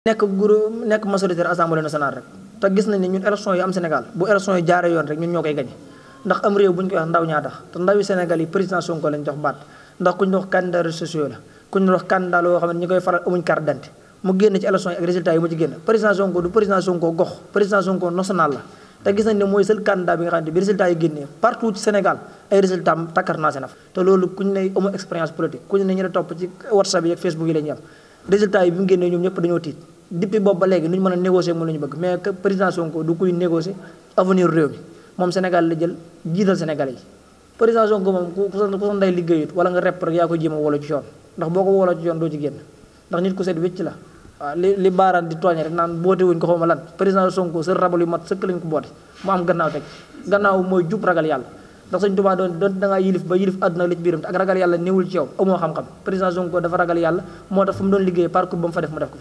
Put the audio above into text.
nekk groupe nekk majoritaire assemblée nationale rek te gis nañ ne ñun élection yu am Sénégal bu élection yi jaaree yoon rek ñun ñoo koy gañe ndax am réew bu ñu koy wax ndaw ñaa te ndawi Sénégal yi président Sonko lañ jox baat ndax ku ñu wax sociaux la ku ñu wax candidat xam ne ñi koy faral amuñ carte d'identité mu génn ci élection yi ak résultat yi mu ci génn président Sonko du président Sonko gox président Sonko national la te gis nañ ne mooy seul candidat bi nga xam résultat yi bi mu génnee ñoom ñëpp dañoo tiit depuis boobu ba léegi ñu mën a négocier moom la ñu bëgg mais que président Sonko du kuy négocier avenir réew mi moom Sénégal la jël jiital Sénégalais yi président Sonko moom ku sa ku liggéeyut wala nga rep rek yaa ko jéem a wolo ci yoon ndax boo ko wolo ci yoon doo ci génn ndax nit ku set wécc la waaw li li baaraan di tooñe rek naan boote wuñ ko xaw ma lan président Sonko sa rabal yu mat sëkk lañ ko boote mu am gannaaw teg gannaaw mooy jub ragal yàlla ndax sëñ Tuubaa doon doon da ngaa yilif ba yilif àdduna la ci biiram te ak ragal yàlla néewul ci yow amoo xam-xam président Sonko dafa ragal yàlla moo tax fu mu doon liggéey parcours ba mu fa def mu def ko